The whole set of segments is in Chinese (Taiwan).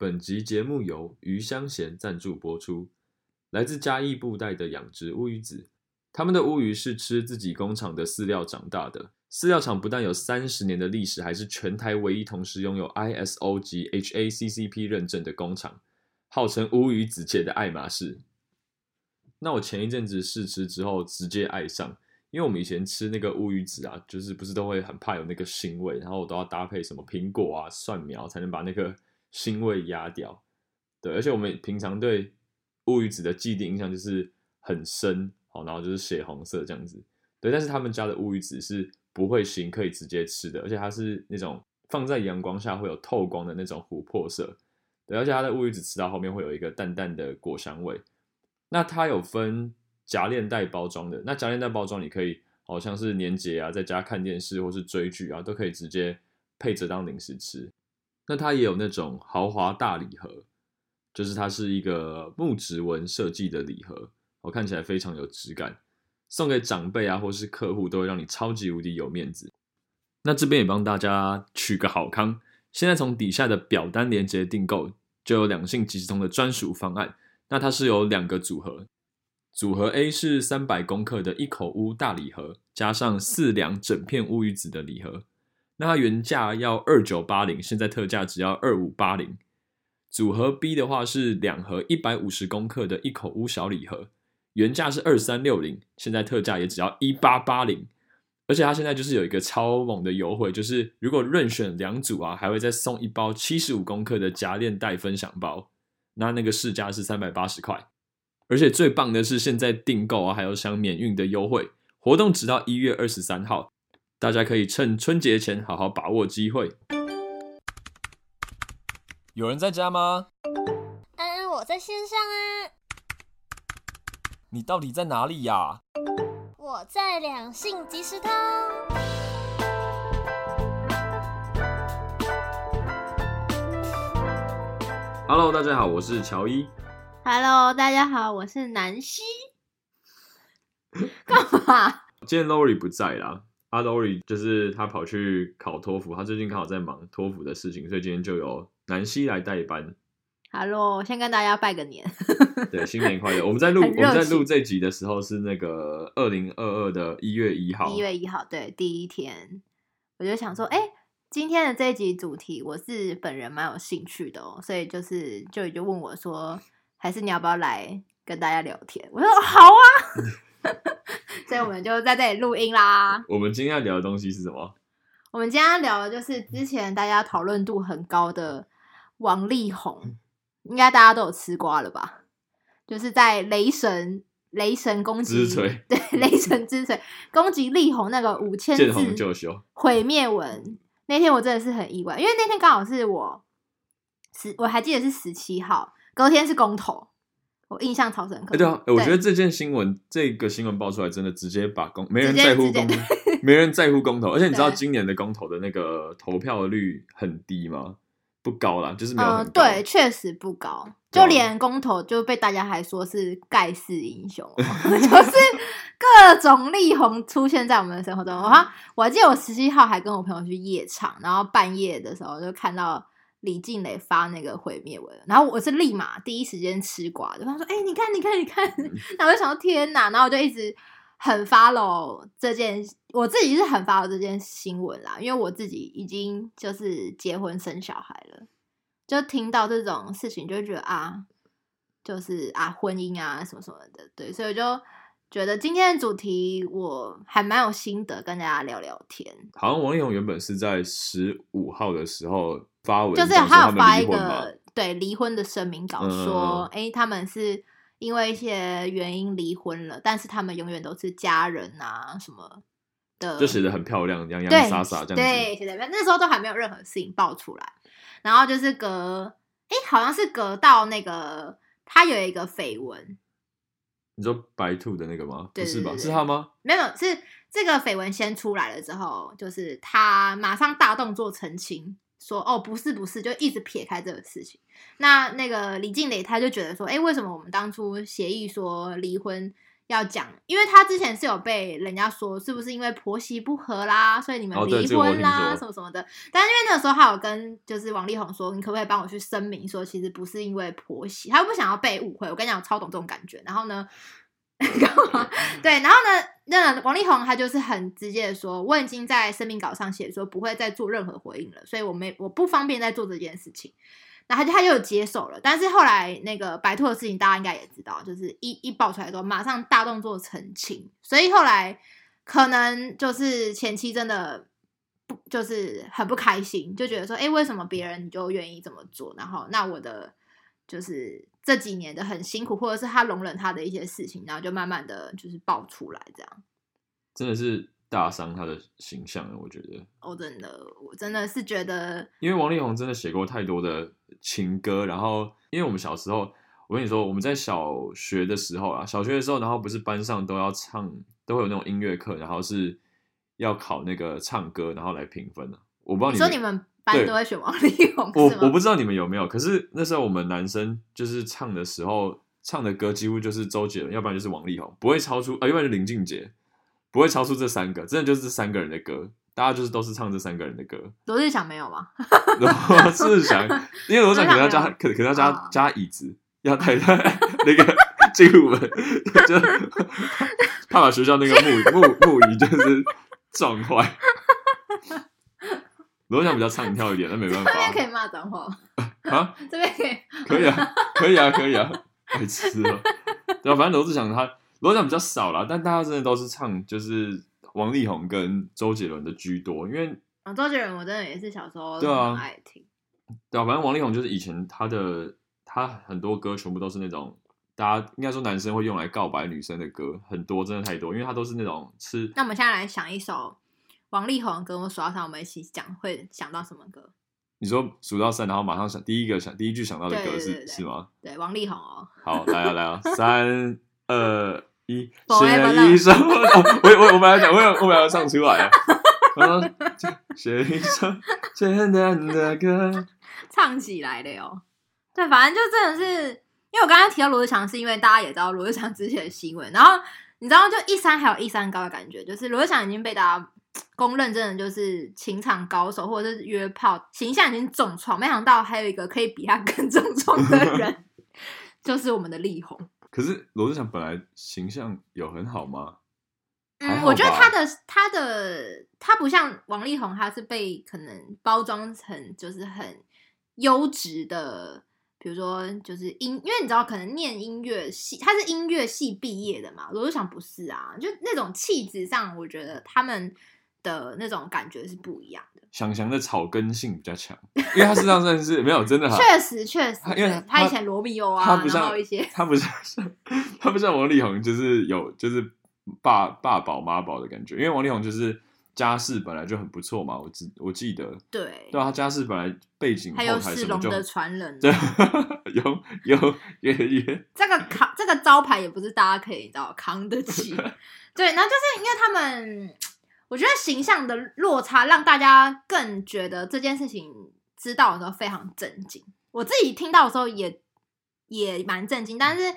本集節目由魚香涎贊助播出。來自嘉義布袋的養殖烏魚子，他們的烏魚是吃自己工廠的飼料長大的。飼料廠不但有三十年的歷史，還是全台唯一同時擁有 ISO 及 HACCP 認證的工廠，號稱烏魚子界的愛馬仕。那我前一陣子試吃之後，直接愛上，因為我們以前吃那個烏魚子啊，就是不是都會很怕有那個腥味，然後我都要搭配什麼蘋果啊、蒜苗，才能把那個。腥味壓掉，對，而且我們平常對烏魚子的既定印象就是很深，好，然後就是血紅色這樣子，對，但是他們家的烏魚子是不會腥，可以直接吃的，而且它是那種放在陽光下會有透光的那種琥珀色，對，而且它的烏魚子吃到後面會有一個淡淡的果香味，那它有分夾鏈袋包裝的，那夾鏈袋包裝你可以好像是年節啊，在家看電視或是追劇啊，都可以直接配着當零食吃。那它也有那種豪華大禮盒，就是它是一個木質紋設計的禮盒，我、哦、看起來非常有質感，送給長輩啊或是客戶都會讓你超級無敵有面子。那這邊也幫大家取個好康，現在從底下的表單連接訂購，就有兩性即時通的專屬方案。那它是有兩個組合，組合 A 是三百公克的一口烏大禮盒，加上四兩整片烏魚子的禮盒。那它原價要二九八零，現在特價只要二五八零。組合 B 的話是兩盒一百五十公克的一口烏小禮盒，原價是二三六零，現在特價也只要一八八零。而且它現在就是有一個超猛的優惠，就是如果任選兩組啊，還會再送一包七十五公克的夾鏈袋分享包。那那個市價是三百八十塊，而且最棒的是現在訂購啊還有享免運的優惠活動，直到一月二十三號。大家可以趁春節前好好把握機會。有人在家嗎？安、嗯、安，我在線上啊。你到底在哪裡呀，啊？我在兩性即時通。Hello，大家好，我是喬伊。Hello，大家好，我是南希。 幹嘛？今天 Lori 不在啦。阿道瑞就是他跑去考托福，他最近剛好在忙托福的事情，所以今天就由南希來代班。Hello，先跟大家拜個年， 對，新年快樂！我們在錄 我們在錄這集的時候是那個二零二二的一月一號，一月一號，對，第一天，我就想說，哎、欸，今天的這一集主題我是本人蠻有興趣的哦，所以就是舅就，就問我說，還是你要不要來跟大家聊天？我說好啊。 所以我們就在這裡錄音啦。我們今天要聊的東西是什麼？我們今天要聊的就是之前大家討論度很高的王力宏，嗯、應該大家都有吃瓜了吧？就是在雷神雷神攻擊，之錘，對，雷神之錘攻擊力宏那個五千字見紅就修毀滅文。那天我真的是很意外，因為那天剛好是我十，我還記得是十七號，隔天是公投。我印象超深刻，欸對啊。對啊，我覺得這件新聞，這個新聞爆出來，真的直接把公沒人在乎公，沒人在乎公投。而且你知道今年的公投的那個投票率很低嗎？不高啦，就是沒有、嗯。對，確實不高。就連公投就被大家還說是蓋世英雄，啊、 就是各種力宏出現在我們的生活中。 我我還記得我十七號還跟我朋友去夜場，然後半夜的時候就看到。李靜蕾發那個毀滅文，然後我是立馬第一時間吃瓜的。他說：“哎、欸，你看，你看，你看！”然後我就想到天哪，然後我就一直很 follow 這件，我自己是很 follow 這件新聞啦，因為我自己已經就是結婚生小孩了，就聽到這種事情，就覺得啊，就是啊，婚姻啊什麼什麼的，對，所以就覺得今天的主題我還蠻有心得跟大家聊聊天。好像王力宏原本是在十五號的時候。發文就是他有發一個離，對離婚的聲明稿，說、嗯、哎、欸，他們是因為一些原因離婚了，但是他們永遠都是家人啊什麼的，就寫的很漂亮，洋洋灑灑這樣子。對，寫的那時候都還沒有任何事情爆出來，然後就是隔哎、欸，好像是隔到那個他有一個緋聞，你說白兔的那個嗎？就是、是吧？是他嗎？沒有，是這個緋聞先出來了之後，就是他馬上大動作澄清。說哦不是不是，就一直撇開這個事情。那那個李靜蕾，他就覺得說，哎，為什麼我們當初協議說離婚要講？因為他之前是有被人家說，是不是因為婆媳不合啦，所以你們離婚啦，哦、什麼什麼的。但因為那個時候她有跟就是王力宏說，你可不可以幫我去聲明說，其實不是因為婆媳，他不想要被誤會。我跟你講，我超懂這種感覺。然後呢， 對，然後呢？那王力宏，他就是很直接的說，我已經在聲明稿上寫說不會再做任何回應了，所以我沒我不方便再做這件事情。那他就他就接受了，但是後來那個白兔的事情大家應該也知道，就是一一爆出來之後馬上大動作澄清，所以後來可能就是前期真的不就是很不開心，就覺得說，哎，為什麼別人你就願意這麼做，然後那我的。就是這幾年的很辛苦，或者是他容忍他的一些事情，然後就慢慢的就是爆出來，這樣真的是大傷他的形象了，我覺得。哦，真的，我真的是覺得，因為王力宏真的寫過太多的情歌，然後因為我們小時候，我跟你說，我們在小學的時候啊，小學的時候，然後不是班上都要唱，都會有那種音樂課，然後是要考那個唱歌，然後來評分的啊。我不知道你說你們。班都會選王力宏，我我不知道你們有沒有，可是那時候我們男生就是唱的時候唱的歌幾乎就是周杰倫，要不然就是王力宏，不會超出啊，要不然就是林俊傑，不會超出這三個，真的就是這三個人的歌，大家就是都是唱這三個人的歌。羅志祥沒有嗎？羅 志祥，因為羅志祥可能要加，可能要加沒沒加椅子，要抬帶那個進入門， 就怕把學校那個木椅 木木，木椅就是撞壞。羅志祥比較唱跳一點，那 沒辦法。這邊可以罵髒話啊？這邊可以， 可以、啊？可以啊，可以啊，可以啊，愛吃了。 對啊，反正羅志祥他羅志祥比較少啦，但大家真的都是唱就是王力宏跟周杰倫的居多，因為啊、哦，周杰倫我真的也是小時候對啊，很愛聽對、啊。對啊，反正王力宏就是以前他的他很多歌全部都是那種大家應該說男生會用來告白女生的歌，很多真的太多，因為他都是那種吃。那我們現在來想一首。王力宏，跟我數到三，我們一起講，會想到什麼歌？你說數到三，然後馬上想第一個想第一句想到的歌是對對對對，是嗎？對，王力宏哦。好，來啊來啊， 三二一，寫 一首我我我本來想，我我本來要 唱出來的，啊，寫， 啊、一首簡單的歌， 唱起來的喲、哦。對，反正就真的是，因為我剛剛提到羅志祥，是因為大家也知道羅志祥之前的新聞，然後你知道就一山還有一山高的感覺，就是羅志祥已經被大家。公認真的就是情場高手，或者是約炮形象已經重創，沒想到還有一個可以比他更重創的人， 就是我們的力宏。可是羅志祥本來形象有很好嗎？嗯，我覺得他的他的他不像王力宏，他是被可能包裝成就是很優質的，比如說就是音，因為你知道可能念音樂系，他是音樂系畢業的嘛。羅志祥不是啊，就那種氣質上，我覺得他們。的那種感覺是不一樣的。翔翔的草根性比較強，因為他身上算是 沒有真的，確實確實。因為他以前羅密歐啊，他不像他不像，他不像，他不像，他不像他不像王力宏就，就是有就是爸爸寶媽寶的感覺。因為王力宏就是家世本來就很不錯嘛，我記我記得對，對他家世本來背景還有是龍的傳人，對， 有有也也 這個扛這個招牌也不是大家可以到扛得起。 對，然後就是因為他們。我覺得形象的落差讓大家更覺得這件事情知道的時候非常震驚。我自己聽到的時候也也蠻震驚，但是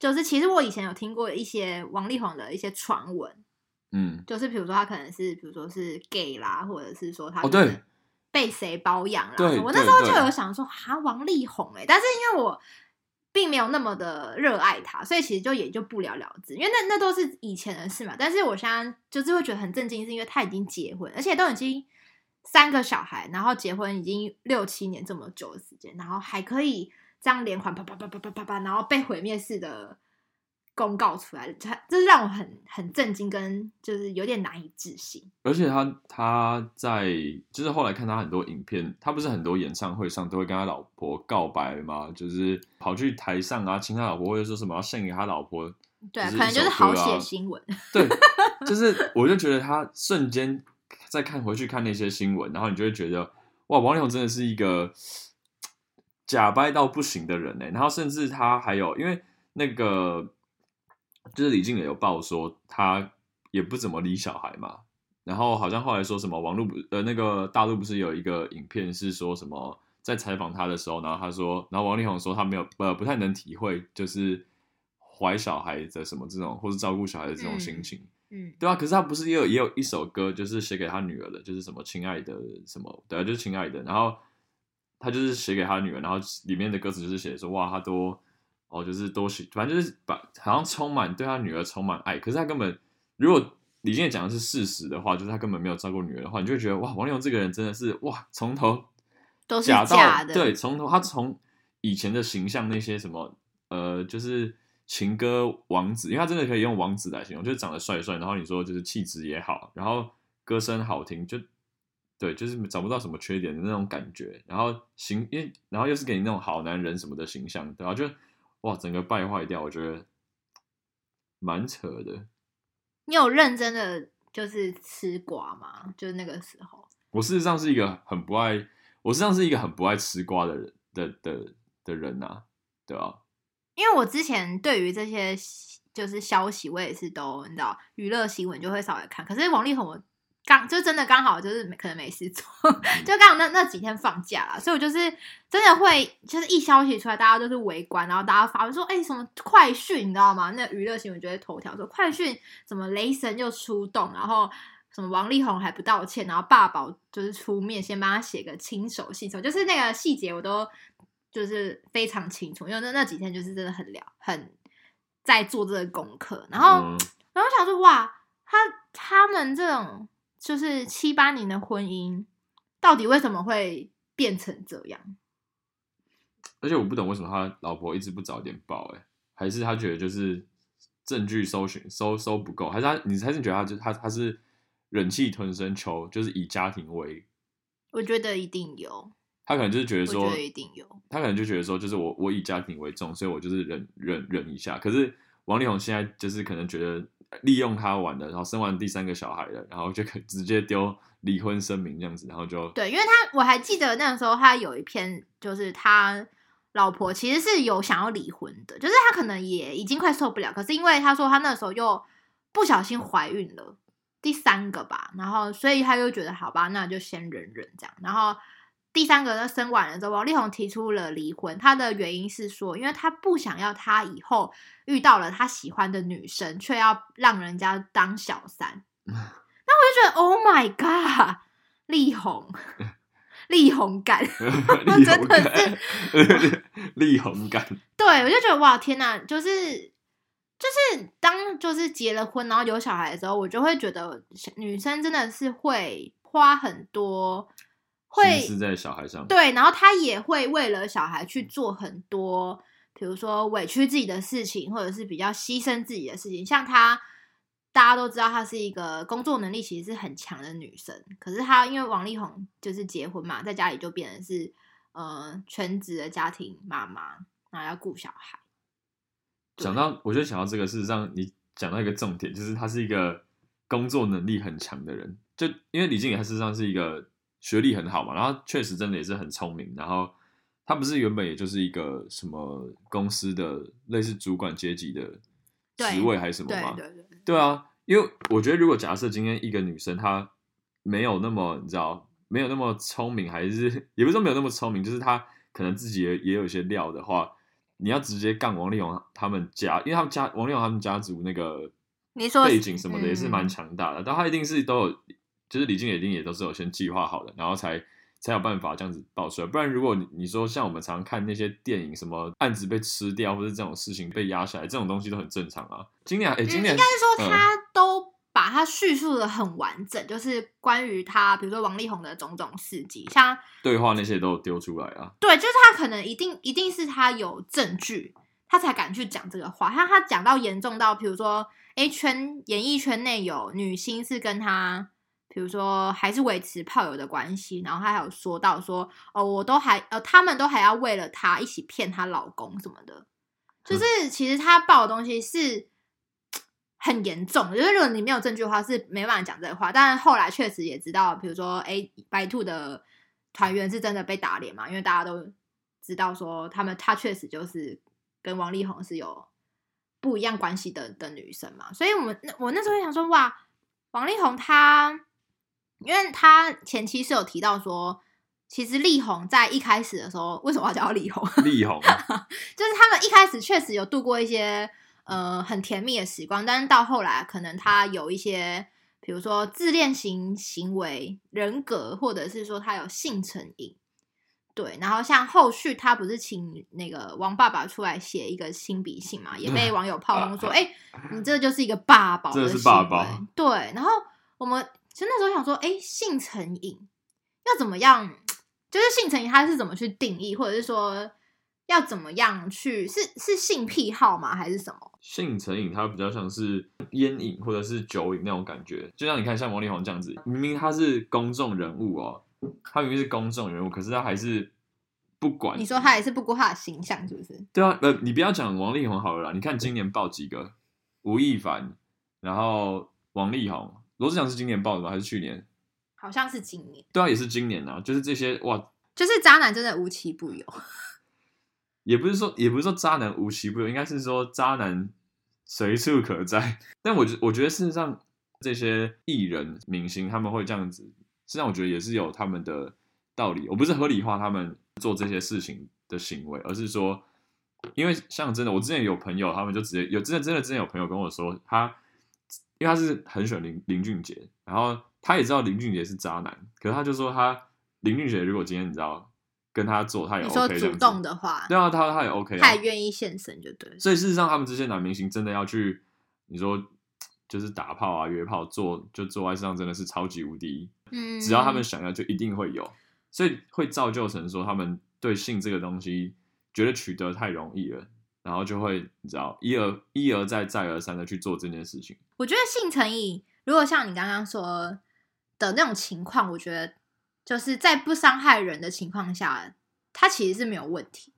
就是其實我以前有聽過一些王力宏的一些傳聞，嗯，就是譬如說他可能是譬如說是 gay 啦，或者是說他哦對被誰包養啦、哦對。我那時候就有想說蛤，王力宏哎、欸，但是因為我。並沒有那麼的熱愛他，所以其實就也就不了了之，因為那那都是以前的事嘛。但是我現在就是會覺得很震驚，是因為他已經結婚，而且都已經三個小孩，然後結婚已經六七年這麼久的時間，然後還可以這樣連環啪啪啪啪啪啪啪啪啪，然後被毀滅式的。公告出來，這這是讓我很很震驚，跟就是有點難以置信。而且他他在就是後來看他很多影片，他不是很多演唱會上都會跟他老婆告白嗎？就是跑去台上啊，親他老婆，或者說什麼要獻給他老婆。啊。對，可能就是好寫新聞。 對，就是我就覺得他瞬間再看回去看那些新聞，然後你就會覺得哇，王力宏真的是一個假掰到不行的人呢，然後甚至他還有因為那個。就是李靚蕾也有報說他也不怎麼理小孩嘛，然後好像後來說什麼王璐不，呃那個大陸不是有一個影片是說什麼在採訪他的時候，然後他說，然後王力宏說他沒有呃不太能體會就是懷小孩的什麼這種或是照顧小孩的這種心情，嗯，嗯，對啊，可是他不是也有也有一首歌就是寫給他女兒的，就是什麼親愛的什麼，對啊，就是親愛的，然後他就是寫給他女兒，然後裡面的歌詞就是寫說哇他多。哦，就是都是，反正就是把好像充滿對他女兒充滿愛，可是他根本如果李健講的是事實的話，就是他根本沒有照顧女兒的話，你就會覺得哇，王力宏這個人真的是哇，從頭到都是假的，對，從頭他從以前的形象那些什麼呃，就是情歌王子，因為他真的可以用王子來形容，就是長得帥帥，然後你說就是氣質也好，然後歌聲好聽，就對，就是找不到什麼缺點的那種感覺，然後形，因為然後又是給你那種好男人什麼的形象，對吧、啊？就哇，整個敗壞掉，我覺得蠻扯的。你有認真的就是吃瓜嗎？就那個時候，我事實上是一個很不愛，我事實上是一個很不愛吃瓜的人的的的，的人吶、啊，對吧？因為我之前對於這些就是消息，我也是都你知道，娛樂新聞就會少來看。可是王力宏，剛就真的剛好就是可能沒事做， 就剛好那那幾天放假了，所以我就是真的會就是一消息出來，大家都是圍觀，然後大家發我說：“哎、欸，什麼快訊？你知道嗎？那娛樂新聞就會頭條說快訊，什麼雷神又出動，然後什麼王力宏還不道歉，然後爸爸就是出面先幫他寫個親手信，就是那個細節我都就是非常清楚，因為那那幾天就是真的很聊，很在做這個功課，然後、嗯、然後我想說哇，他他們這種。就是七八年的婚姻，到底為什麼會變成這樣？而且我不懂為什麼他老婆一直不早點爆哎、欸，還是他覺得就是證據搜尋搜搜不夠，還是他你還是覺得他就他他是忍氣吞聲求，就是以家庭為？我覺得一定有。他可能就是覺得說我覺得一定有，他可能就覺得說就是我我以家庭為重，所以我就是忍忍忍一下。可是王力宏現在就是可能覺得。利用他玩的，然後生完第三個小孩的，然後就直接丟離婚聲明這樣子，然後就對，因為他我還記得那時候他有一篇，就是他老婆其實是有想要離婚的，就是他可能也已經快受不了，可是因為他說他那時候又不小心懷孕了第三個吧，然後所以他就覺得好吧，那就先忍忍這樣，然後。第三個呢，生完了之後，王力宏提出了離婚。他的原因是說，因為他不想要他以後遇到了他喜歡的女生，卻要讓人家當小三。 那我就覺得，Oh my God，力宏，力宏感， 力宏感 真的是 力宏感。 對我就覺得，哇，天哪！就是就是當就是結了婚，然後有小孩的時候，我就會覺得女生真的是會花很多。會是在小孩上對，然後她也會為了小孩去做很多，比如說委屈自己的事情，或者是比較犧牲自己的事情。像她，大家都知道她是一個工作能力其實是很強的女生，可是她因為王力宏就是結婚嘛，在家裡就變成是呃全職的家庭媽媽，然後要顧小孩。講到我就想到這個事實上，你講到一個重點，就是她是一個工作能力很強的人，就因為李靜也她事實上是一個。學歷很好嘛，然後他確實真的也是很聰明，然後他不是原本也就是一個什麼公司的類似主管階級的職位還是什麼嗎？對，對，對，對，對啊，因為我覺得如果假設今天一個女生她沒有那麼你知道沒有那麼聰明，還是也不是說沒有那麼聰明，就是她可能自己也也有一些料的話，你要直接幹王力宏他們家，因為他們家王力宏他們家族那個你說背景什麼的也是蠻強大的，嗯，但他一定是都有。就是李靜也一定也都是有先計劃好的，然後才才有辦法這樣子爆出來。不然，如果你說像我們常看那些電影，什麼案子被吃掉，或者是這種事情被壓下來，這種東西都很正常啊。今年誒、啊，欸、今年、啊嗯、應該是說他都把他敘述的很完整，嗯、就是關於他，比如說王力宏的種種事跡，像他對話那些都丟出來啊。對，就是他可能一定一定是他有證據，他才敢去講這個話。像他他講到嚴重到，比如說 A、欸、圈演藝圈內有女星是跟他。比如說，還是維持炮友的關係，然後他還有說到說，哦，我都還，呃、哦，他們都還要為了他一起騙她老公什麼的，就是其實他爆的東西是很嚴重，因為、就是、如果你沒有證據的話，是沒辦法講這個話。但後來確實也知道，比如說，哎，白兔的團員是真的被打臉嘛？因為大家都知道說，他們他確實就是跟王力宏是有不一樣關係的的女生嘛，所以我們我那時候想說，哇，王力宏他。因為他前期是有提到說，其實力宏在一開始的時候，為什麼要叫力宏？紅？力宏啊， 就是他們一開始確實有度過一些呃很甜蜜的時光，但是到後來，可能他有一些比如說自戀型行為、人格，或者是說他有性成癮。對，然後像後續他不是請那個王爸爸出來寫一個親筆信嘛，也被網友炮轟說：“哎、 欸，你這就是一個爸寶。”這是爸寶。對，然後我們。其實那時候想說，哎、欸，性成癮要怎麼樣？就是性成癮，他是怎麼去定義，或者是說要怎麼樣去？是是性癖好嗎？還是什麼？性成癮它比較像是菸癮或者是酒癮那種感覺。就像你看，像王力宏這樣子，明明他是公眾人物哦，他明明是公眾人物，可是他還是不管。你說他還是不顧他的形象，是不是？對啊，呃，你不要講王力宏好了啦。你看今年爆幾個？吳亦凡，然後王力宏。羅志祥是今年報的嗎？還是去年？好像是今年。對啊，也是今年啊。就是這些哇。就是渣男真的無奇不有。也不是說，也不是說渣男無奇不有，應該是說渣男隨處可在。但我覺，我覺得事實上這些藝人明星他們會這樣子，實際上我覺得也是有他們的道理。我不是合理化他們做這些事情的行為，而是說，因為像真的，我之前有朋友，他們就直接有真的真的之前有朋友跟我說他。因為他是很喜歡林林俊傑，然後他也知道林俊傑是渣男，可是他就說他林俊傑如果今天你知道跟他做他也 OK 說主動的話，對啊，他他也 OK，他也願意獻身就對。所以事實上，他們這些男明星真的要去，你說就是打炮啊、約炮、做就做愛，上真的是超級無敵，嗯，只要他們想要，就一定會有，所以會造就成說他們對性這個東西覺得取得太容易了。然後就會，你知道，一而一而再再而三的去做這件事情。我覺得性成癮，如果像你剛剛說的那種情況，我覺得就是在不傷害人的情況下，他其實是沒有問題。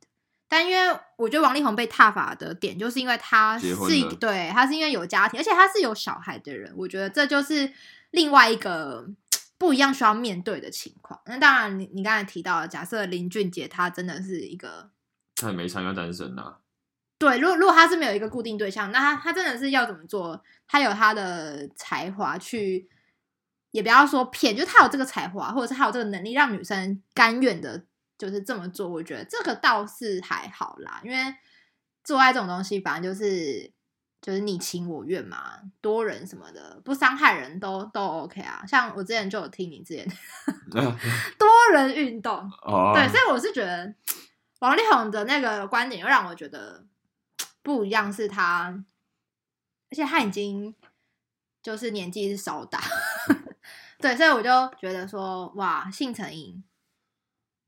但因為我覺得王力宏被撻伐的點，就是因為他是對他是因為有家庭，而且他是有小孩的人，我覺得這就是另外一個不一樣需要面對的情況。那當然，你你剛才提到的，假設林俊傑他真的是一個，他也沒參加單身吶、啊。對，如果如果他是沒有一個固定對象，那他他真的是要怎麼做？他有他的才華去，也不要說騙，就他有這個才華，或者是他有這個能力讓女生甘願的，就是這麼做。我覺得這個倒是還好啦，因為做愛這種東西，反正就是就是你情我願嘛，多人什麼的，不傷害人都都 OK 啊。像我之前就有聽你之前 多人運動， 對，所以我是覺得王力宏的那個觀點又讓我覺得。不一樣是他，而且他已經就是年紀是稍大， 對，所以我就覺得說，哇，性成癮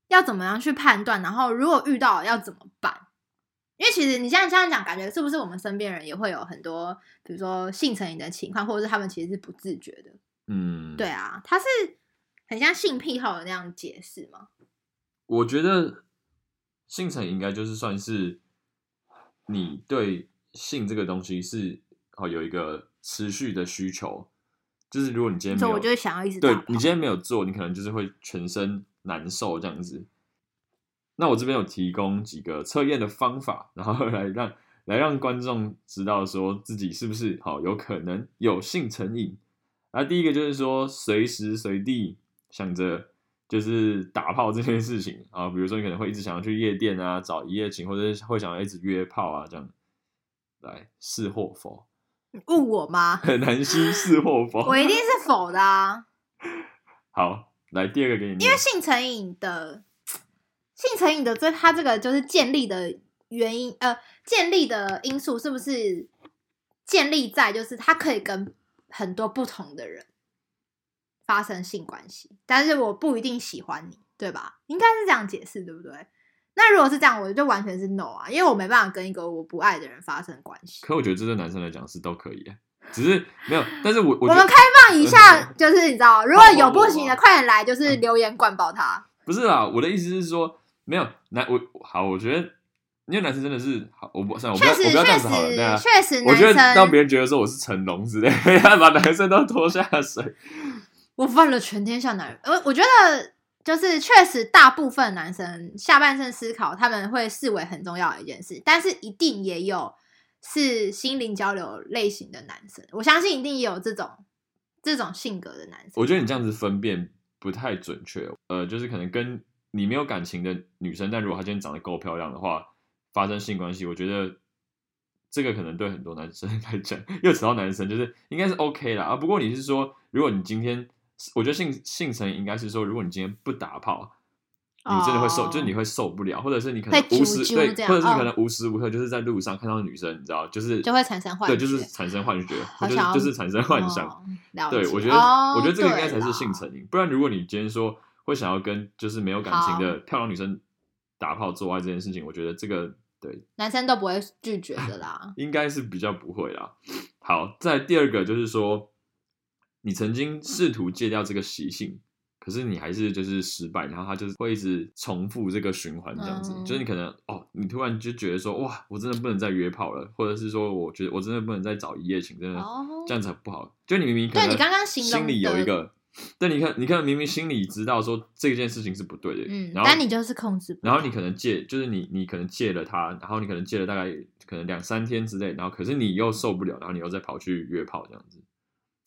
要怎麼樣去判斷？然後如果遇到要怎麼辦？因為其實你現在這樣講，感覺是不是我們身邊人也會有很多，比如說性成癮的情況，或者是他們其實是不自覺的？嗯，對啊，他是很像性癖好的那樣解釋嗎？我覺得性成癮應該就是算是。你對性這個東西是哦有一個持續的需求，就是如果你今天做，我就想要一直做。你今天沒有做，你可能就是會全身難受這樣子。那我這邊有提供幾個測驗的方法，然後來讓來讓觀眾知道說自己是不是好有可能有性成癮。那第一個就是說隨時隨地想着。就是打炮這件事情啊，比如說你可能會一直想要去夜店啊，找一夜情，或者會想要一直約炮啊，這樣，來是或否？問我嗎？ 男性是或否？ 我一定是否的啊。好，來第二個給你，因為性成癮的性成癮的，這他這個就是建立的原因，呃，建立的因素是不是建立在就是他可以跟很多不同的人，發生性關係，但是我不一定喜歡你，對吧？應該是這樣解釋，對不對？那如果是這樣，我就完全是 no 啊，因為我沒辦法跟一個我不愛的人發生關係。可我覺得這對男生來講是都可以，只是沒有。但是我 我，我們開放一下，就是你知道， 如果有不行的，快點來，就是留言灌爆他。 嗯、不是啊，我的意思是說，沒有男我好，我覺得因為男生真的是好，我不算了，確實確實確、啊、實男生，我覺得讓別人覺得說我是成龍之類， 把男生都拖下水。 我犯了全天下男人，我我覺得就是確實大部分男生下半身思考，他們會視為很重要的一件事，但是一定也有是心靈交流類型的男生，我相信一定也有這種這種性格的男生。我覺得你這樣子分辨，不太準確，呃，就是可能跟你沒有感情的女生，但如果她今天長得夠漂亮的話，發生性關係，我覺得這個可能對很多男生來講，又扯到男生，就是應該是 OK 啦。啊，不過你是說，如果你今天我覺得性性成癮應該是說，如果你今天不打炮，你真的會受，oh, 就是你會受不了，或者是你可能無時啾啾對，或者是你可能無時無刻就是在路上看到女生，哦、你知道，就是就會產生幻覺，對，就是產生幻覺，就是就是產生幻想。哦、對，我覺得，oh, 我覺得這個應該才是性成癮，不然如果你今天說會想要跟就是沒有感情的漂亮女生打炮做愛這件事情，我覺得這個對男生都不會拒絕的啦，應該是比較不會啦。好，再第二個就是說。你曾經試圖戒掉這個習性，嗯，可是你還是就是失敗，然後他就是會一直重複這個循環這樣子。嗯、就是你可能哦，你突然就覺得說哇，我真的不能再約炮了，或者是說我覺得我真的不能再找一夜情，真的、哦、這樣子很不好。就你明明可能對你剛剛心裡有一個，但你看你看明明心裡知道說這件事情是不對的，嗯，然後但你就是控制不了，然後你可能戒，就是你你可能戒了他，然後你可能戒了大概可能兩三天之內，然後可是你又受不了，然後你又再跑去約炮這樣子。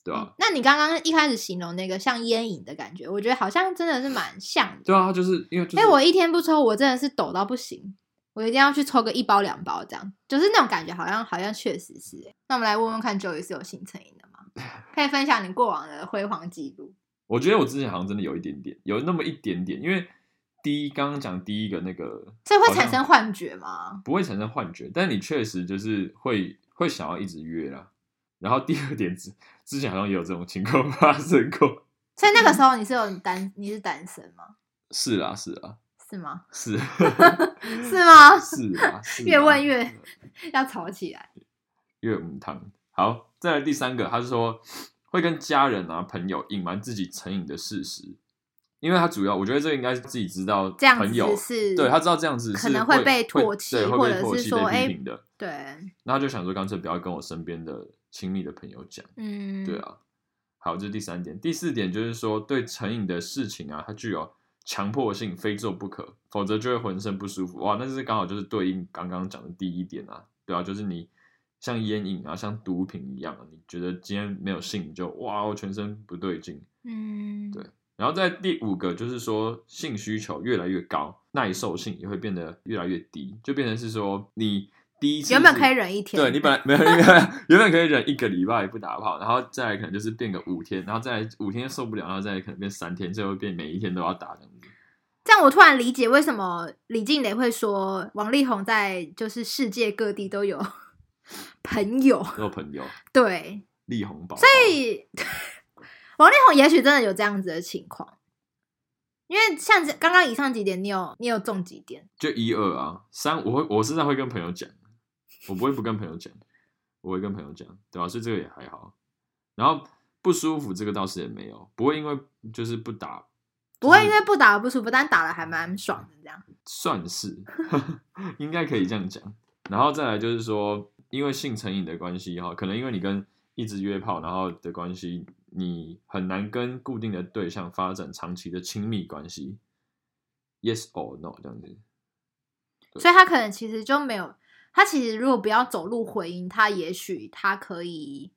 對啊，嗯、那你剛剛一開始形容那個像菸癮的感覺，我覺得好像真的是蠻像的。對啊，就是因為、就是、因為我一天不抽，我真的是抖到不行，我一定要去抽個一包兩包這樣，就是那種感覺好，好像好像確實是。那我們來問問看 Joey 是有性成癮的嗎？ 可以分享你過往的輝煌記錄。我覺得我之前好像真的有一點點，有那麼一點點，因為第一剛剛講第一個那個，這會產生幻覺嗎？不會產生幻覺，但你確實就是會會想要一直約啦、啊。然後第二點之之前好像也有這種情況發生過，所以那個時候你是有單你是單身嗎？是啊是啊是嗎？是 是嗎？是啊,是啊越問越,越要吵起來，越無糖。好，再來第三個，他是說會跟家人啊朋友隱瞞自己成癮的事實，因為他主要我覺得這個應該是自己知道，這樣子朋友是對他知道這樣子是可能會被唾棄,會對會被唾棄或者是說哎的對，那他就想說乾脆不要跟我身邊的。親密的朋友講，嗯，對啊，好，這是第三點，第四點就是說，對成癮的事情啊，它具有強迫性，非做不可，否則就會渾身不舒服，哇，那就是剛好就是對應剛剛講的第一點啊，對啊，就是你像煙癮啊，像毒品一樣啊，你覺得今天沒有性就哇，我全身不對勁，嗯，對，然後在第五個就是說，性需求越來越高，耐受性也會變得越來越低，就變成是說你。原本可以忍一天，對你本來沒有本來 原本可以忍一個禮拜不打炮，然後再來，可能就是變個五天，然後再來五天受不了，然後再來可能變三天，最後變每一天都要打、那個。這樣我突然理解為什麼李靚蕾會說王力宏在就是世界各地都有朋友，都有朋友對力宏寶，所以王力宏也許真的有這樣子的情況。因為像剛剛以上幾點，你有你有中幾點？就一二啊，三。我會我是在會跟朋友講。我不會不跟朋友講，我會跟朋友講，對吧？所以這個也還好。然後不舒服，這個倒是也沒有，不會因為就是不打，不會因為不打不舒服，但打的還蠻爽的，這樣算是呵呵應該可以這樣講。 然後再來就是說，因為性成癮的關係哈，可能因為你跟一直約炮，然後的關係，你很難跟固定的對象發展長期的親密關係。 Yes or no，這樣子，所以他可能其實就沒有。他其實如果不要走入婚姻，他也許他可以，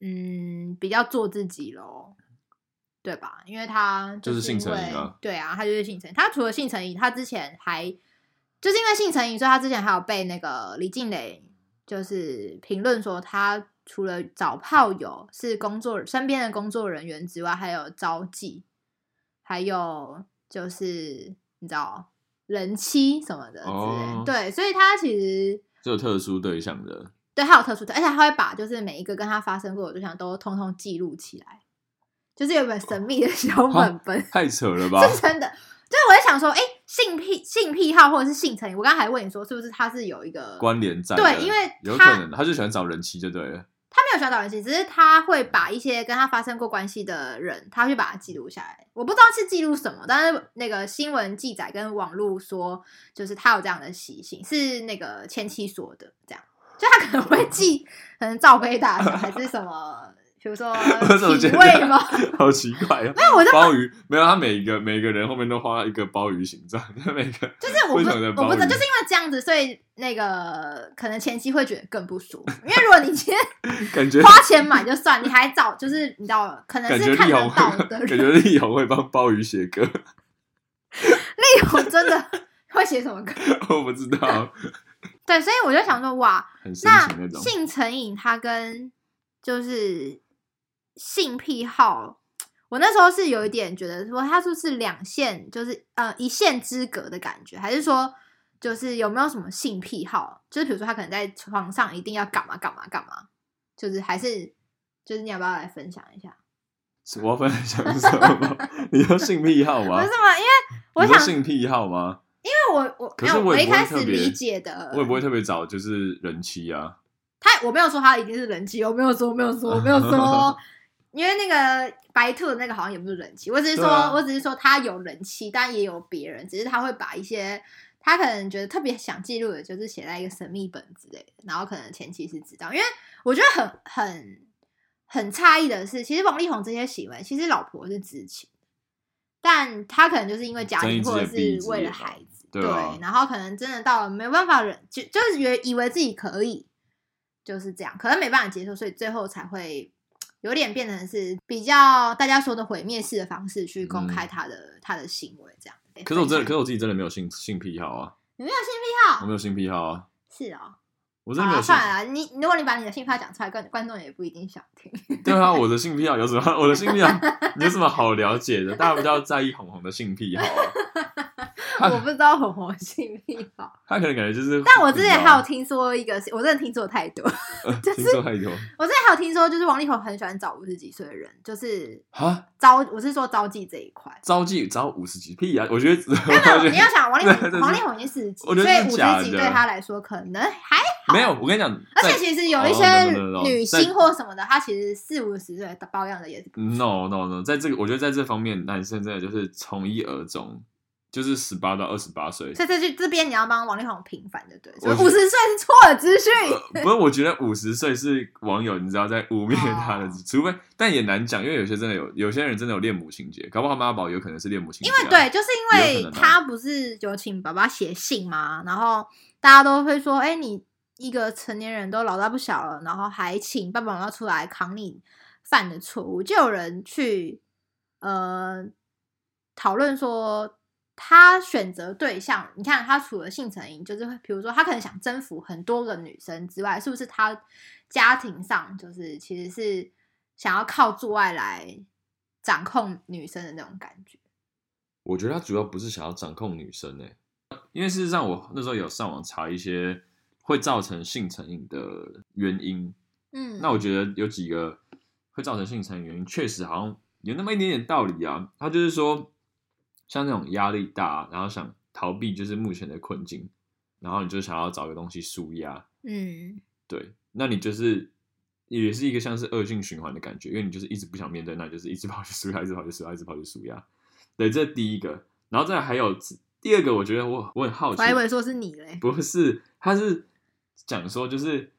嗯，比較做自己咯，對吧？因為他就是因為、就是、性成癮啊，對啊，他就是性成癮。他除了性成癮，他之前還就是因為性成癮，所以他之前還有被那個李靚蕾就是評論說，他除了找炮友是工作身邊的工作人員之外，還有召妓，還有就是你知道。人妻什麼的，之類的，哦、對，所以他其實是有特殊對象的，對，他有特殊對象，而且他會把就是每一個跟他發生過的對象都通通記錄起來，就是有本神秘的小本本，哦啊、 是是太扯了吧？ 是真的，就是我在想說，哎，性癖，性癖好或者是性成癮，我剛剛還問你說是不是他是有一個關聯在？對，因為有可能他就喜歡找人妻，就對了。他沒有刷導文信，只是他會把一些跟他發生過關係的人，他會把它記錄下來。我不知道是記錄什麼，但是那個新聞記載跟網路說，就是他有這樣的習性，是那個前妻說的這樣，就他可能會記，可能罩杯大小還是什麼。比如說，為什麼好奇怪，啊 沒。沒有，我在鮑魚，沒有他每一個每一個人後面都畫一個鮑魚形狀。每個就是我不什麼我不知道，就是因為這樣子，所以那個可能前期會覺得更不熟，因為如果你今天花錢買就算， 就算你還找，就是你知道，可能是力宏，感覺力宏會幫鮑魚寫歌。力 宏 真的會寫什麼歌？ 我不知道。 對，所以我就想說，哇，那性成癮他跟就是。性癖好，我那時候是有一點覺得說，他說是兩線，就是呃一線之隔的感覺，還是說就是有沒有什麼性癖好？就是比如說他可能在床上一定要幹嘛幹嘛幹嘛，就是還是就是你要不要來分享一下？我要分享什麼？ 你要性癖好嗎？為 什麼？因為我想性癖好嗎？因為我我可是我，啊，我一開始理解的，我也不會特別找就是人妻啊。他我沒有說他一定是人妻，我沒有說，我沒有說，我沒有說。 因為那個白兔的那個好像也不是人氣，我只是說、啊，我只是說他有人氣，但也有別人，只是他會把一些他可能覺得特別想記錄的，就是寫在一個神秘本之類的，然後可能前期是知道，因為我覺得很很很詫異的是，其實王力宏這些行為，其實老婆是知情，但他可能就是因為家庭或者是為了孩子，BG, 對,對、啊，然後可能真的到了沒辦法忍，就就是覺以為自己可以，就是這樣，可能沒辦法接受，所以最後才會。有點變成是比較大家說的毀滅式的方式去公開他的、嗯、他的行為這樣。可是我真的，可是我自己真的沒有性性癖好啊。你沒有性癖好？我沒有性癖好啊，是哦，我真的沒有。好算了，你如果你把你的性癖好講出來，觀觀眾也不一定想聽。對啊，我的性癖好有什麼？我的性癖好有什麼好了解的？ 大家不要在意紅紅的性癖好啊。 我不知道很魔性，他可能感覺就是。但我之前還有聽說一個，我真的聽說太多， 就是。我之前還有聽說，就是王力宏很喜歡找五十幾歲的人，就是啊招，我是說招妓這一塊，招妓招五十幾屁啊！我覺得沒有我得，你要想王力宏，對對對，王力宏已經四十幾，所以五十幾對他來說可能還好。沒有，我跟你講，而且其實有一些女星或什麼的，她其實四五十歲保養的也是 no no no，在這個我覺得在這方面，男生真的就是從一而終。就是十八到二十八歲，所以這這邊你要幫王力宏平反的，對，五十歲是錯的資訊。不是，我覺得五十歲是網友你知道在污蔑他的，oh. 除非，但也難講，因為有些真的有，有些人真的有戀母情節，搞不好媽寶有可能是戀母情節啊。因為對，就是因為他不是有請爸爸寫信，信嗎？然後大家都會說，哎、欸，你一個成年人都老大不小了，然後還請爸爸媽媽出來扛你犯的錯誤，就有人去呃討論說。他選擇對象，你看他除了性成癮，就是會比如說他可能想徵服很多個女生之外，是不是他家庭上就是其實是想要靠做愛來掌控女生的那種感覺？我覺得他主要不是想要掌控女生呢，欸，因為事實上我那時候有上網查一些會造成性成癮的原因，嗯，那我覺得有幾個會造成性成癮原因，確實好像有那麼一點點道理啊。他就是說。像那種壓力大，然後想逃避就是目前的困境，然後你就想要找個東西紓壓，嗯，對，那你就是也是一個像是惡性循環的感覺，因為你就是一直不想面對，那你就是一直跑去紓壓，一直跑去紓壓，一直跑去紓壓。對，這是第一個，然後再來還有第二個，我覺得我我很好奇，我還以為說是你咧，不是，他是講說就是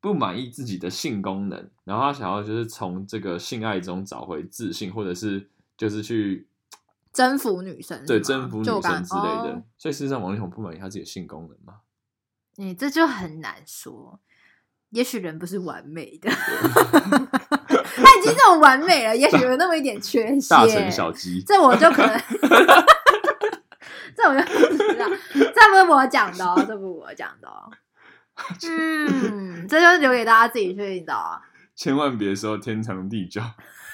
不滿意自己的性功能，然後他想要就是從這個性愛中找回自信，或者是就是去。征服女生，對，征服女生之類的，哦、所以事實上，王力宏不滿意他自己的性功能嘛？你、欸、這就很難說。也許人不是完美的， 他已經這種完美了，也許有那麼一點缺陷。大，大神小雞這我就可能 這我就不知道，這不是我講的、哦，這不是我講的、哦。 嗯，這就留給大家自己去引導啊！千萬別說天長地久。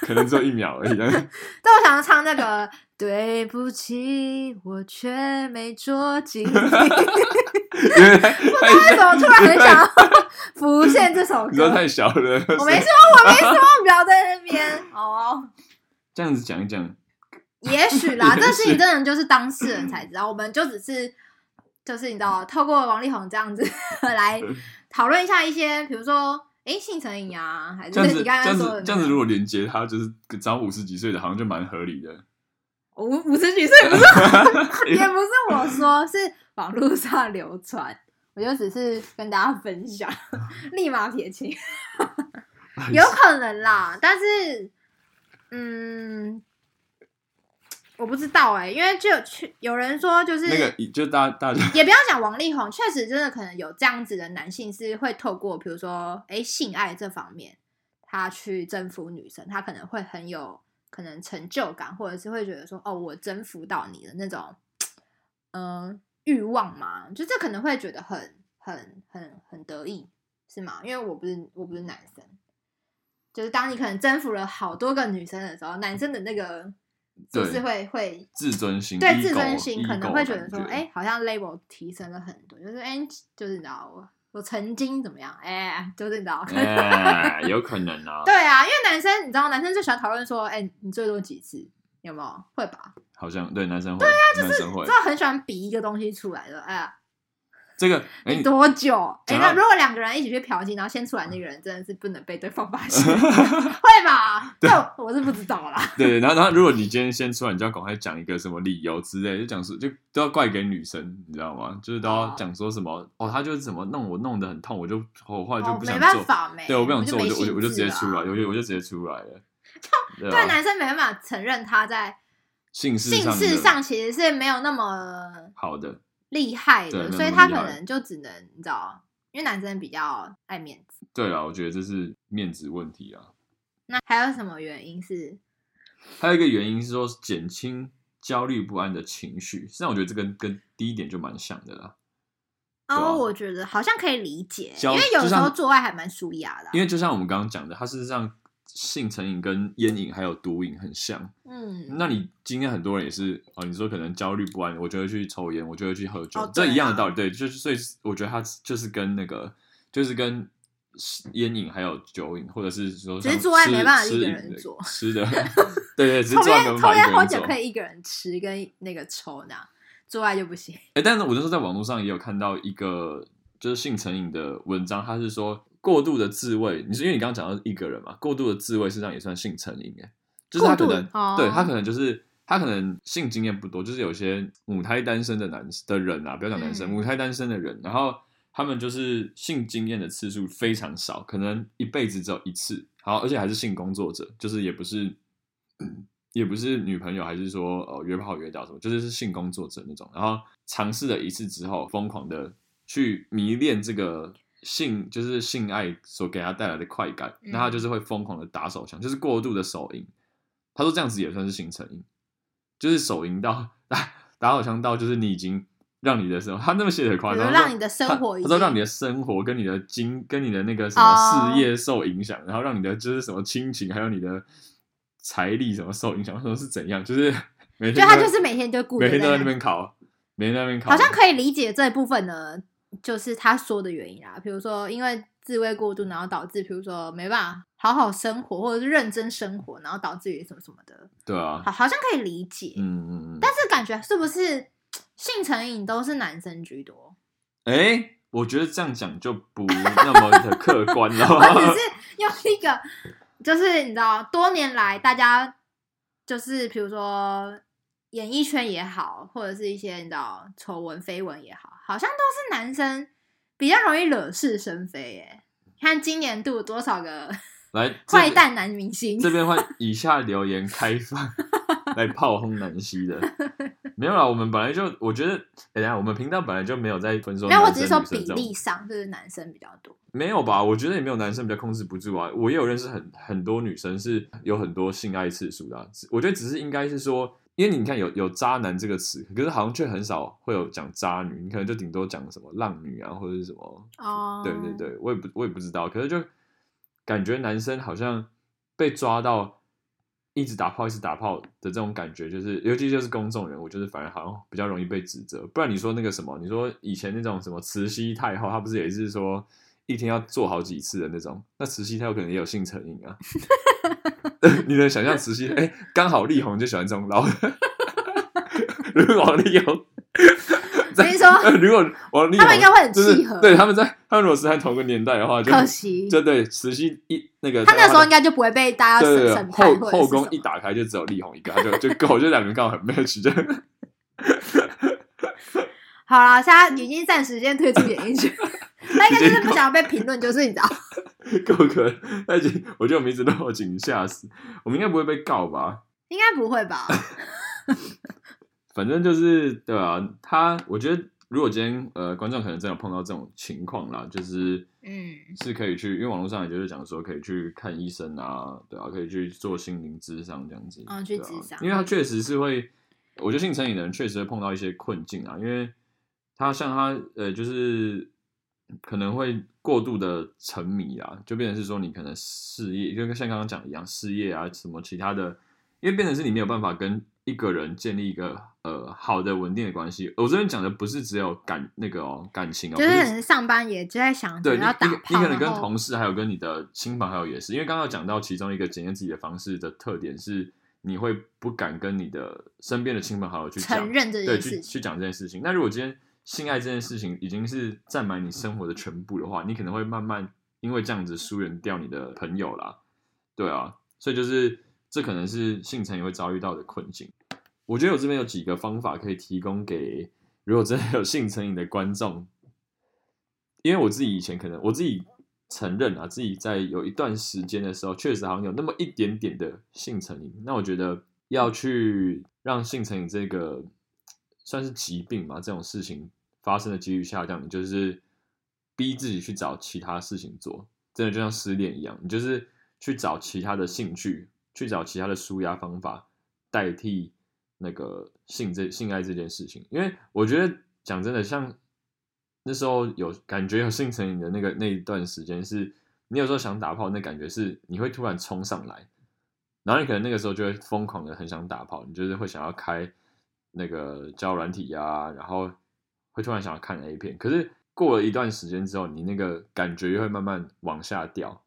可能只有一秒而已。 但我想要唱那個 對不起，我卻沒捉緊。 原來 我今天怎麼突然很想要浮現這首歌？ 你聲音太小了。我沒說， 我沒說， 我沒說 不要在那邊哦。Oh. 這樣子講一講，也許啦， 這事情真的就是當事人才知道， 我們就只是，就是你知道，透過王力宏這樣子來討論一下一些，比如說。哎，姓陳的啊，還是你剛剛說的這樣子？樣子，樣子如果連接他，就是找五十幾歲的，好像就蠻合理的。五五十幾歲， 不是，也不是我說， 是網絡上流傳，我就只是跟大家分享。 立馬撇清， 有可能啦，但是，嗯。我不知道哎、欸，因為就去有人說就是那個，就大大也不要講王力宏，確實真的可能有這樣子的男性是會透過比如說哎、欸、性愛這方面，他去征服女生，他可能會很有可能成就感，或者是會覺得說哦我征服到你的那種嗯、呃、慾望嘛，就這可能會覺得很很很很得意是嗎？因為我不是我不是男生，就是當你可能征服了好多個女生的時候，男生的那個。對，就是會會自尊心，對 ego, 自尊心可能會覺得說，哎、欸，好像 label 提升了很多，就是哎、欸、就是欸，就是你知道，我我曾經怎麼樣，哎，就是你知道，有可能啊。 對啊，因為男生你知道，男生最喜歡討論說，哎、欸，你最多幾次，有沒有？會吧？好像對男生會，對啊，就是真的很喜歡比一個東西出來的，哎、啊、呀。這個、欸、多久？哎、欸，那如果兩個人一起去嫖妓，然後先出來那個人真的是不能被對方發現， 會吧？對、啊、我是不知道啦。對，然後，然後，如果你今天先出來，你就要趕快講一個什麼理由之類，就講說就都要怪給女生，你知道嗎？就是都要講說什麼哦，哦，他就是怎麼弄我弄得很痛，我就我後來就不想做。哦、沒辦法，沒對，我不想做，就我就我就，我就直接出來，我、嗯、就我就直接出來了。 對、啊，男生沒辦法承認他在性事上性事上其實是沒有那麼好的。好的厲害的，所以他可能就只能你知道，因為男生比較愛面子。對了，我覺得這是面子問題啊。那還有什麼原因是？還有一個原因是說，減輕焦慮不安的情緒。實際上，我覺得這個跟跟第一點就蠻像的啦。哦、啊，oh, 我覺得好像可以理解，因為有時候做愛還蠻舒壓的。因為就像我們剛剛講的，他事實上。性成癮跟菸癮還有毒癮很像，嗯，那你今天很多人也是啊、哦，你說可能焦慮不安，我就會去抽菸，我就會去喝酒，這、哦、一樣的道理，對，就是所以我覺得他就是跟那個，就是跟菸癮還有酒癮，或者是說吃，其實做愛沒辦法一個人做吃，吃的， 對，對對，抽菸抽菸喝酒可以一個人吃，跟那個抽呢，做愛就不行。哎，但是我就說，在網絡上也有看到一個就是性成癮的文章，他是說。過度的自慰，你是因為你剛剛講到一個人嘛？過度的自慰實際上也算性成癮，就是他可能、哦、對他可能就是他可能性經驗不多，就是有些母胎單身的男的人啊，不要講男生、嗯，母胎單身的人，然後他們就是性經驗的次數非常少，可能一輩子只有一次。好，而且還是性工作者，就是也不是、嗯、也不是女朋友，還是說呃約炮約到什麼，就是是性工作者那種。然後嘗試了一次之後，瘋狂的去迷戀這個。性就是性愛所給他帶來的快感，那他就是會瘋狂的打手槍、嗯，就是過度的手淫。他說這樣子也算是性成癮，就是手淫到打打手槍到，就是你已經讓你的什麼？他那麼寫得很誇張，讓你的生活，他說讓你的生活跟你的經跟你的那個什麼事業受影響、哦，然後讓你的就是什麼親情還有你的財力什麼受影響，說是怎樣？就是，每天就他就是每天就每天都在那邊考，每天在那邊考，好像可以理解這一部分呢。就是他說的原因啊，比如說因為自慰過度，然後導致，比如說沒辦法好好生活，或者是認真生活，然後導致於什麼什麼的。對啊，好，好像可以理解。嗯嗯嗯。但是感覺是不是性成癮都是男生居多？哎、欸，我覺得這樣講就不那麼的客觀了。 我只是用一個，就是你知道，多年來大家就是比如說。演藝圈也好，或者是一些你知道醜聞、緋聞也好，好像都是男生比較容易惹是生非。哎，看今年度多少個來壞蛋男明星？這邊會以下留言開放 來炮轟南希的， 沒有啦，我們本來就我覺得，哎、欸、呀，我們頻道本來就沒有在分手沒有，我只是說比例上就是男生比較多。沒有吧？我覺得也沒有男生比較控制不住啊。我也有認識很很多女生是有很多性愛次數的、啊。我覺得只是應該是說。因為你看有有“渣男”這個詞，可是好像卻很少會有講“渣女”，你可能就頂多講什麼“浪女”啊，或者是什麼。Oh. 對對對，我也不我也不知道，可是就感覺男生好像被抓到一直打炮一直打炮的這種感覺，就是尤其就是公眾人物，就是反而好像比較容易被指責。不然你說那個什麼，你說以前那種什麼慈禧太後，她不是也是說？一天要做好幾次的那種，那慈禧她有可能也有性成癮啊？ 呃、你能想象慈禧？哎、欸，剛好力宏就喜歡這種老的，然 後 如果力宏，你說、呃、如果王力宏，他們應該會很契合。就是、對，他們在他們如果是在同個年代的話，就可惜。對對，慈禧一那個他的，他那時候應該就不會被大家審判，後後，後宮一打開就只有力宏一個， 就就跟我就兩個人剛好很 match 好了，現在已經暫時先退出演藝圈。 那應該就是不想被評論，就是你知道？夠可以，他 已我覺得我們一直都好緊嚇死。我們應該不會被告吧？應該不會吧？ 反正就是對啊，他我覺得，如果今天呃，觀眾可能真的碰到這種情況啦，就是嗯，是可以去，因為網絡上也就是講說可以去看醫生啊，對啊，可以去做心靈諮商這樣子啊、嗯，去諮商、啊，因為他確實是會，我覺得性心理的人確實會碰到一些困境啊，因為他像他呃，就是。可能會過度的沉迷啊，就變成是說你可能事業就跟像剛剛講的一樣，事業啊什麼其他的。因為變成是你沒有辦法跟一個人建立一個呃好的穩定的關係，哦。我這邊講的不是只有感那個、哦、感情哦，就是可能上班也就在想對，你，你，要打你可能跟同事還有跟你的親朋好友也是。嗯，因為剛剛講到其中一個檢驗自己的方式的特點是你會不敢跟你的身邊的親朋好友去講、承認這件事對，去，去講這件事情。那如果今天性愛這件事情已經是占滿你生活的全部的話，你可能會慢慢因為這樣子疏遠掉你的朋友啦，對啊，所以就是這可能是性成癮會遭遇到的困境。我覺得我這邊有幾個方法可以提供給如果真的有性成癮的觀眾，因為我自己以前可能我自己承認啊，自己在有一段時間的時候確實好像有那麼一點點的性成癮，那我覺得要去讓性成癮這個。算是疾病嘛？這種事情發生的幾率下降，你就是逼自己去找其他事情做，真的就像失戀一樣，你就是去找其他的興趣，去找其他的舒壓方法，代替那個性這性愛這件事情。因為我覺得講真的，像那時候有感覺有性成癮的那個那一段時間，是你有時候想打炮，那感覺是你會突然衝上來，然後你可能那個時候就會瘋狂的很想打炮，你就是會想要開。那個交軟體啊，然後會突然想要看 A 片，可是過了一段時間之後，你那個感覺又會慢慢往下掉，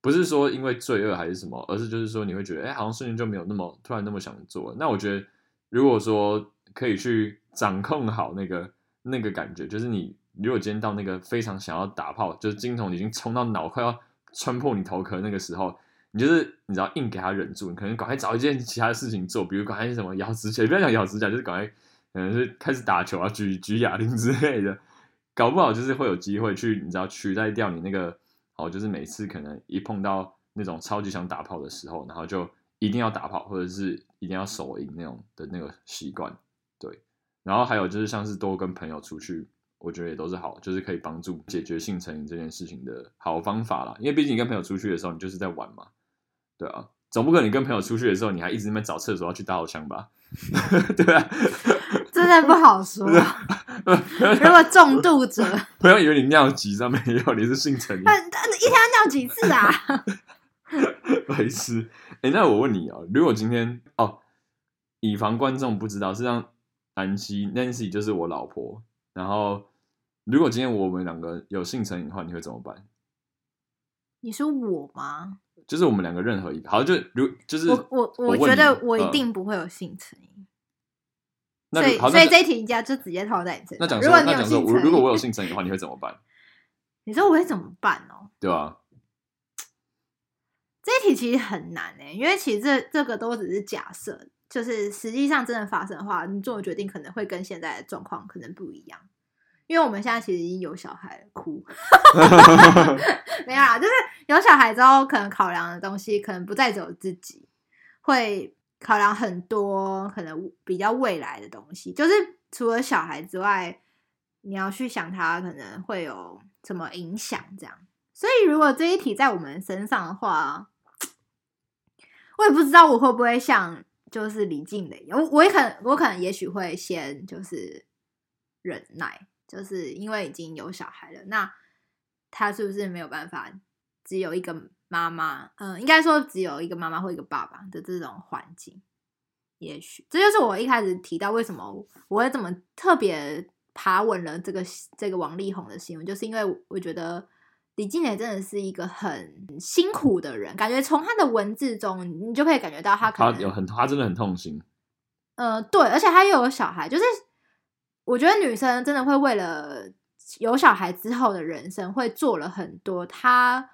不是說因為罪惡還是什麼，而是就是說你會覺得，哎，好像瞬間就沒有那麼突然那麼想做。那我覺得，如果說可以去掌控好那個那個感覺，就是你如果今天到那個非常想要打炮，就是精蟲已經衝到腦快要穿破你頭殼那個時候。你就是你只要硬給他忍住，你可能趕快找一件其他的事情做，比如趕快什麼咬指甲，不要講咬指甲，就是趕快可能是開始打球啊，舉舉啞鈴之類的，搞不好就是會有機會去你知道取代掉你那個好，就是每次可能一碰到那種超級想打炮的時候，然後就一定要打炮，或者是一定要手淫那種的那個習慣，對。然後還有就是像是多跟朋友出去，我覺得也都是好，就是可以幫助解決性成癮這件事情的好方法啦，因為畢竟跟朋友出去的時候，你就是在玩嘛。對啊，總不可能你跟朋友出去的時候，你還一直在那邊找廁所要去打火槍吧？ 對啊，真的不好說。 如果重度者，不要以為你尿急上面，有你是性成癮。一天要尿幾次啊？ 沒事。哎、欸，那我問你啊、哦，如果今天哦，以防觀眾不知道，是讓安 a n a n c y 就是我老婆。然後，如果今天我們兩個有性成癮的話，你會怎麼辦？你說我嗎？就是我們兩個任何一個，好像就，就如就是我我我覺得我一定不會有性成癮，所以所以這一題人家就直接套在你。那講說，那，那，講說那講說，如果我有性成癮的話，你會怎麼辦？你說我會怎麼辦哦？對啊，這一題其實很難呢、欸，因為其實這這個都只是假設，就是實際上真的發生的話，你做的決定可能會跟現在的狀況可能不一樣。因為我們現在其實已經有小孩哭， 沒有啦，就是有小孩之後，可能考量的東西可能不再只有自己，會考量很多，可能比較未來的東西，就是除了小孩之外，你要去想他可能會有什麼影響，這樣。所以如果這一題在我們身上的話，我也不知道我會不會像就是李靚蕾一樣，我我也可能，我可能也許會先就是忍耐。就是因為已經有小孩了，那他是不是沒有辦法只有一個媽媽？嗯、呃，應該說只有一個媽媽或一個爸爸的這種環境，也許這就是我一開始提到為什麼我會這麼特別爬文了這個這個王力宏的新聞，就是因為我覺得李靚蕾真的是一個很辛苦的人，感覺從他的文字中你就可以感覺到他，可能他有很他真的很痛心。呃，對，而且他又有小孩，就是。我覺得女生真的會為了有小孩之後的人生，會做了很多她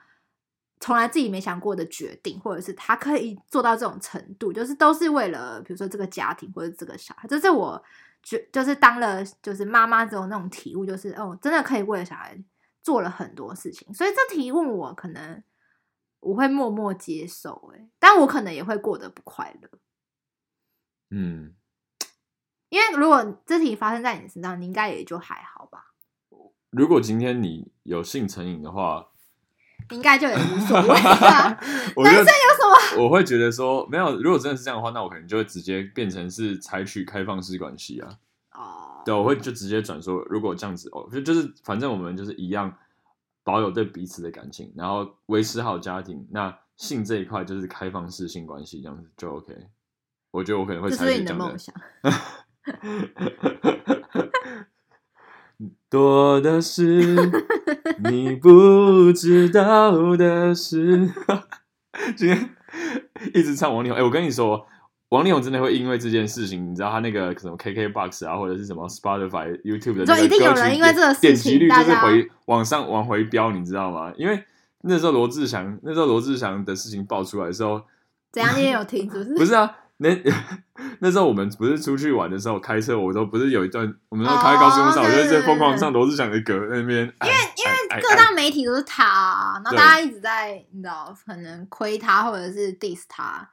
從來自己沒想過的決定，或者是她可以做到這種程度，就是都是為了比如說這個家庭或者這個小孩。這是我覺，就是當了就是媽媽之後那種體悟，就是哦，真的可以為了小孩做了很多事情。所以這提問我可能我會默默接受、欸，但我可能也會過得不快樂。嗯。因為如果這事發生在你身上，你應該也就還好吧。如果今天你有性成癮的話，應該就也無所謂了。 男生有什麼？我，我會覺得說沒有。如果真的是這樣的話，那我可能就會直接變成是採取開放式關係啊。哦、oh.，對，我會就直接轉說，如果這樣子哦，就、就是反正我們就是一樣保有對彼此的感情，然後維持好家庭。那性這一塊就是開放式性關係，這樣子就 OK。我覺得我可能會採取這樣子的、就是你的夢想。 多的是你不知道的事。 今天一直唱王力宏，哎、欸，我跟你說，王力宏真的會因為這件事情，你知道他那個什麼 KK Box 啊，或者是什麼 Spotify、YouTube 的那個歌曲，對，一定有人因為這個、啊、點擊率就是回往上往回飆，你知道嗎？因為那時候羅志祥，那時候羅志祥的事情爆出來的時候，怎樣你也有聽，是不是？ 不是啊。那 那時候我們不是出去玩的時候開車，我都不是有一段，我們都開高速上，oh, okay, 我就在瘋狂唱羅志祥的歌那邊。因為因為各大媒體都是他、啊，然後大家一直在你知道，可能虧他或者是 diss 他，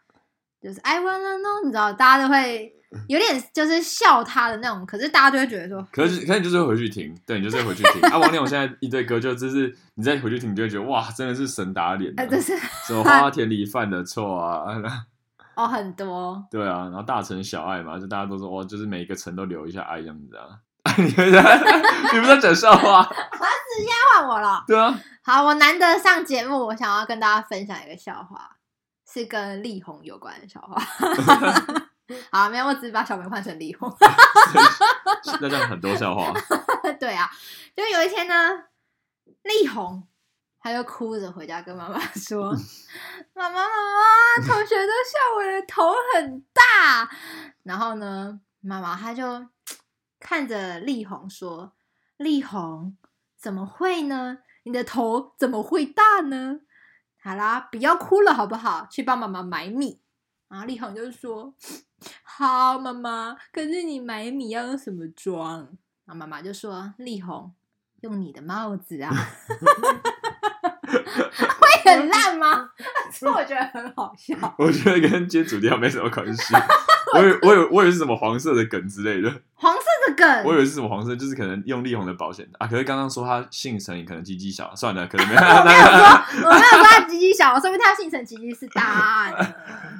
就是 I wanna know，你知道大家都會有點就是笑他的那種， 可是大家就會覺得說，可是可是你就是回去聽，對，你就會回去聽 啊。王力宏現在一堆歌就就是，你再回去聽你就會覺得哇，真的是神打臉的、啊、就是花田裡犯的錯啊。 哦、oh，很多對啊，然後大城小愛嘛，就大家都說哦，就是每一個城都留一下愛，這樣子啊。 你們在， 你們在講笑話，我直接換我了。對啊，好，我難得上節目，我想要跟大家分享一個笑話，是跟力宏有關的笑話。 好、啊，沒有，我只是把小明換成力宏。那 講 很多笑話。 對啊，就有一天呢，力宏，他就哭着回家跟媽媽說：“ 媽媽，媽媽，同學都笑我的頭很大。”然後呢，媽媽他就看着力宏說：“力宏怎麼會呢？你的頭怎麼會大呢？好啦，不要哭了，好不好？去幫媽媽買米。”然後力宏就說：“好，媽媽。可是你買米要用什麼裝？”然後媽媽就說：“力宏用你的帽子啊， 會很爛爛嗎？ 是，我覺得很好笑。我覺得跟接主調沒什麼關係。 我我我以為是什麼黃色的梗之類的。黃色的梗。我以為是什麼黃色，就是可能用力宏的保險啊。可是剛剛說他姓陳，可能雞雞小，算了，可能沒有。 我沒說，我沒有說他雞雞小，說不定他姓陳其實是大案，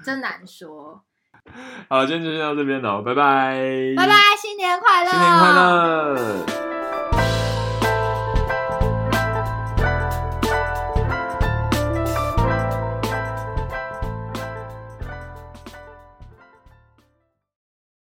真難說。 好，今天就先到這邊嘍，拜拜，拜拜，新年快樂，新年快樂。